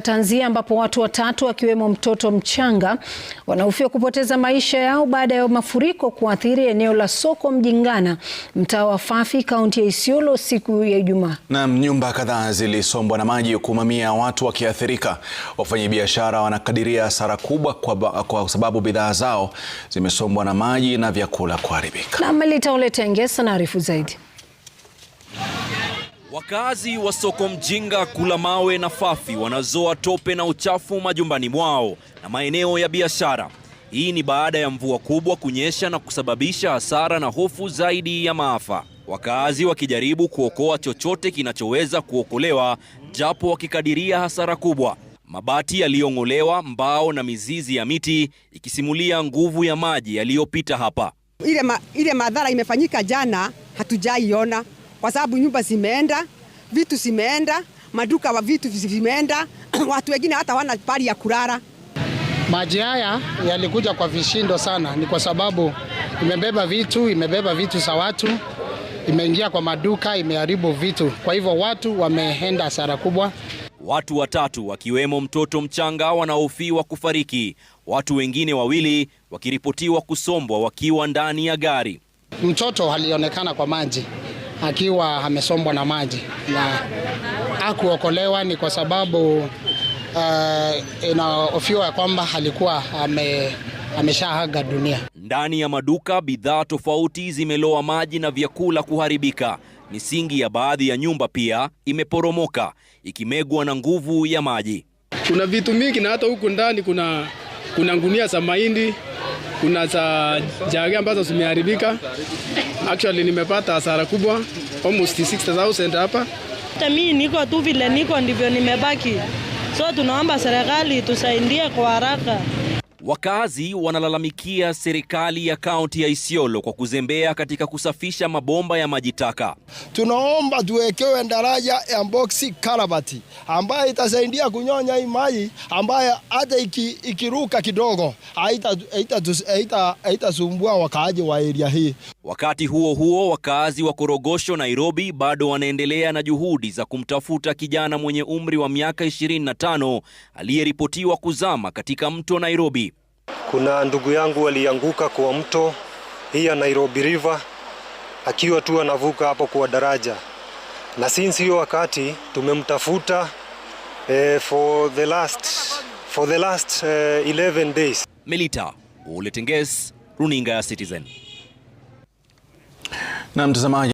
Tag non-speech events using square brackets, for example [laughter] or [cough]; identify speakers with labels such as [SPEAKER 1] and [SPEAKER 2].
[SPEAKER 1] Tanzia ambapo watu watatu wakiwemo mtoto mchanga wanahofia kupoteza maisha yao baada ya mafuriko kuathiri eneo la soko Mjingana, mtaa wa Fafi, kaunti ya Isiolo siku ya Ijumaa.
[SPEAKER 2] Naam, nyumba kadhaa zilisombwa na maji huku mamia ya watu wakiathirika. Wafanyabiashara wanakadiria hasara kubwa kwa, kwa sababu bidhaa zao zimesombwa na maji na vyakula kuharibika.
[SPEAKER 1] Melita Ole Tenge anaarifu zaidi.
[SPEAKER 3] Wakazi wa soko Mjinga kula mawe na fafi wanazoa tope na uchafu majumbani mwao na maeneo ya biashara. Hii ni baada ya mvua kubwa kunyesha na kusababisha hasara na hofu zaidi ya maafa, wakazi wakijaribu kuokoa chochote kinachoweza kuokolewa, japo wakikadiria hasara kubwa. Mabati yaliyong'olewa, mbao na mizizi ya miti ikisimulia nguvu ya maji yaliyopita hapa.
[SPEAKER 4] Ile, ma, ile madhara imefanyika jana hatujaiona kwa sababu nyumba zimeenda, vitu zimeenda, maduka wa vitu zimeenda, [clears throat] watu wengine hata wana pali ya kulala.
[SPEAKER 5] Maji haya yalikuja kwa vishindo sana, ni kwa sababu imebeba vitu, imebeba vitu za watu, imeingia kwa maduka, imeharibu vitu. Kwa hivyo watu wameenda hasara kubwa.
[SPEAKER 3] Watu watatu wakiwemo mtoto mchanga wanaofiwa kufariki, watu wengine wawili wakiripotiwa kusombwa wakiwa ndani ya gari.
[SPEAKER 5] Mtoto alionekana kwa maji akiwa amesombwa na maji na akuokolewa ni kwa sababu uh, inaofiwa kwamba alikuwa ame ameshaaga dunia.
[SPEAKER 3] Ndani ya maduka bidhaa tofauti zimeloa maji na vyakula kuharibika. Misingi ya baadhi ya nyumba pia imeporomoka ikimegwa na nguvu ya maji.
[SPEAKER 6] Kuna vitu mingi na hata huku ndani kuna, kuna ngunia za mahindi kuna za jage ambazo zimeharibika. Actually nimepata hasara kubwa almost 6000 hapa.
[SPEAKER 7] Mimi niko tu vile niko ndivyo nimebaki, so tunaomba serikali tusaidie kwa haraka.
[SPEAKER 3] Wakazi wanalalamikia serikali ya kaunti ya Isiolo kwa kuzembea katika kusafisha mabomba ya maji taka.
[SPEAKER 8] Tunaomba tuwekewe daraja ya boksi karabati ambayo itasaidia kunyonya hii maji ambayo hata iki, ikiruka kidogo haitasumbua wakaaji wa eria hii.
[SPEAKER 3] Wakati huo huo, wakazi wa Korogosho, Nairobi, bado wanaendelea na juhudi za kumtafuta kijana mwenye umri wa miaka 25 aliyeripotiwa kuzama katika mto Nairobi.
[SPEAKER 9] Kuna ndugu yangu alianguka kwa mto hii ya Nairobi River akiwa tu anavuka hapo kwa daraja, na since hiyo wakati tumemtafuta eh, for the last, for the last eh, 11 days.
[SPEAKER 3] Melita Oletenges, runinga ya Citizen. Na mtazamaji